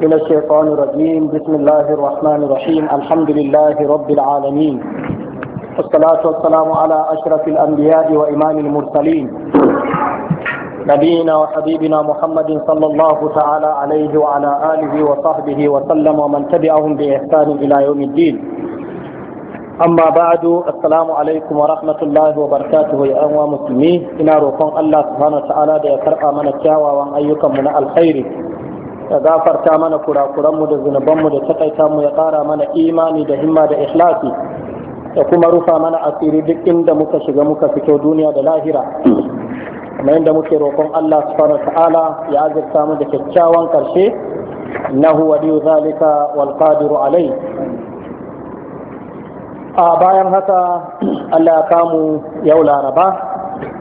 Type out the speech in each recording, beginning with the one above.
من الشيطان الرجيم بسم الله الرحمن الرحيم الحمد لله رب العالمين والصلاة والسلام على أشرف الأنبياء وإمام المرسلين نبينا وحبيبنا محمد صلى الله تعالى عليه وعلى آله وصحبه وسلم ومن تبعهم بإحسان إلى يوم الدين أما بعد السلام عليكم ورحمة الله وبركاته يا أمة مسلمين إن روحكم الله سبحانه وتعالى بأكرأ من الشاوى وأن أيكم من الخير ya gafarta mana kurakuranmu da zunubanmu da takaita mu ya ƙara mana imani da himma da ikhlasi da kuma rufa mana asiri duk inda muka shiga muka fito duniya da lahira kamar yadda muke roƙon Allah subhanahu ta'ala ya azurta mu da kyakkyawan ƙarshe innahu waliyu zalika wal qadiru alai a bayan haka Allah ya kamu yau laraba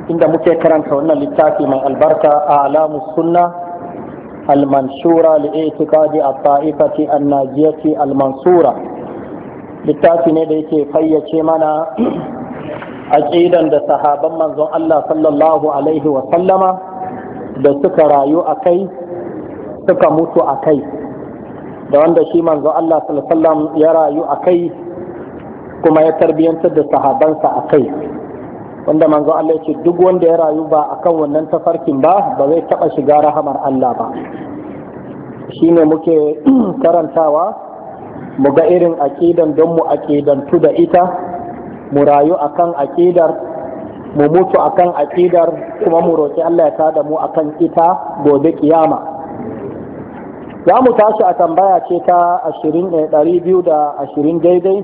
inda muke karanta wannan littafi mai albarka a alamu sunna المنشورة لإعتقاد الطائفة الناجية المنصورة littafi ne da yake fayyace mana aqidan da sahaban manzon Allah sallallahu alaihi wa sallama da suka rayu a kai suka mutu a kai da wanda shi manzon Allah sallallahu ya rayu a kai kuma ya tarbiyantar da sahabansa a kai wanda manzo Allah ya ce duk wanda ya rayu ba akan wannan tafarkin ba ba zai taɓa shiga rahamar Allah ba shine muke karantawa mu ga irin aƙidan don mu aƙidantu da ita mu rayu akan aƙidar mu mutu akan aƙidar kuma mu roƙi Allah ya tada mu akan ita gobe kiyama za mu tashi a tambaya ce ta 20 220 eh, daidai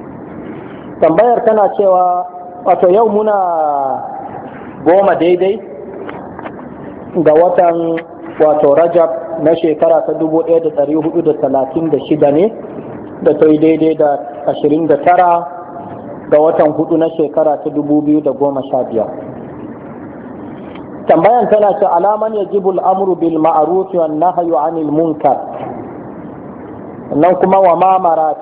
tambayar tana cewa wato yau muna goma daidai ga watan wato rajab na shekara ta 1436 ne da ta yi daidai da 29 ga watan hudu na shekara ta biyar. tambayan tana ce alaman ya jibul amru bil ma'arufi wa nahyu anil munkar nan kuma wa ma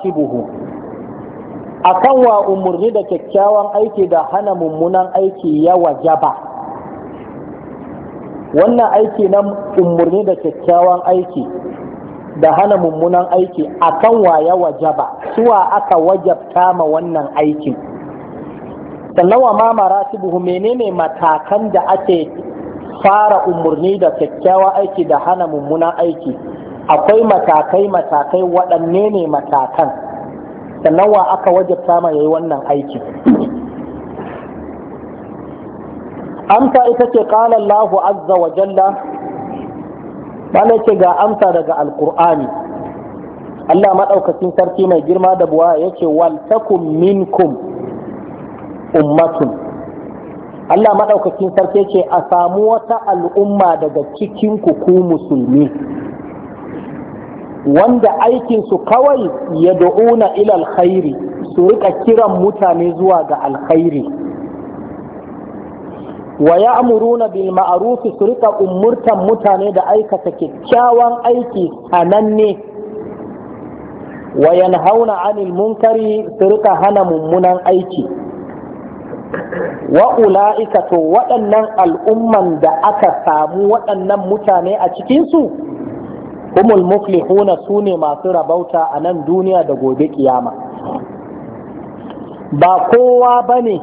akan wa umarni da kyakkyawan aiki da hana mummunan aiki ya wajaba wannan aiki na umarni da kyakkyawan aiki da hana mummunan aiki akan wa ya wajaba suwa aka wajabta ma wannan aikin sannan wa ma maratibuhu menene matakan da ake fara umarni da kyakkyawan aiki da hana mummunan aiki akwai matakai matakai waɗanne ne matakan sannan wa aka wajabta ma yayi wannan aiki amsa ita ce kala Allahu azza wa jalla bala ce ga amsa daga alqur'ani Allah madaukakin sarki mai girma da buwa yace wal takum minkum ummatun Allah madaukakin sarki ce a samu wata al'umma daga cikin ku ku musulmi wanda aikinsu kawai ya da'una ila alkhairi su rika kiran mutane zuwa ga alkhairi wa ya'muruna bil ma'ruf su rika umurtan mutane da aikata kyakkyawan aiki sananne wa yanhauna 'anil munkari su rika hana mummunan aiki wa ula'ika to waɗannan al'umman da aka samu waɗannan mutane a cikinsu humul muflihuna su ne masu rabauta a nan duniya da gobe kiyama ba kowa ba ne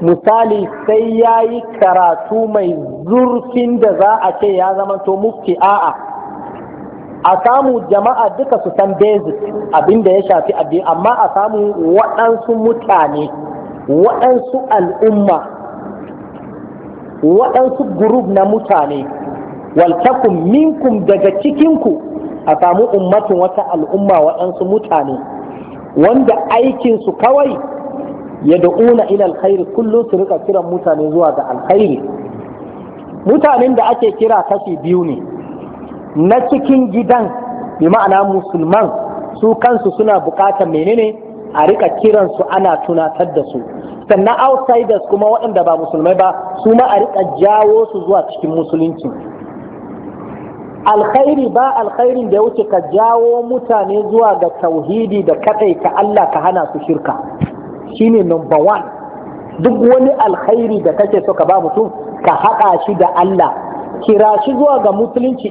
misali sai ya yi karatu mai zurfin da za a ce ya zama to mufti a'a a samu jama'a duka su san basic abin da ya shafi abin amma a samu waɗansu mutane waɗansu al'umma waɗansu gurub na mutane waltakum minkum daga cikinku a samu ummatin wata al'umma waɗansu mutane wanda aikinsu kawai ya da'una ila alkhairi kullum su rika kiran mutane zuwa ga alkhairi mutanen da ake kira kashi biyu ne na cikin gidan bi ma'ana musulman su kansu suna buƙatar menene a rika kiransu ana tunatar da su sannan outsiders kuma waɗanda ba musulmai ba su ma a rika jawo su zuwa cikin musulunci alkhairi ba alkhairin da ya wuce ka jawo mutane zuwa ga tauhidi da ka Allah ka hana su shirka shine number one duk wani alkhairi da kake so ka ba mutum ka haɗa shi da Allah kira shi zuwa ga musulunci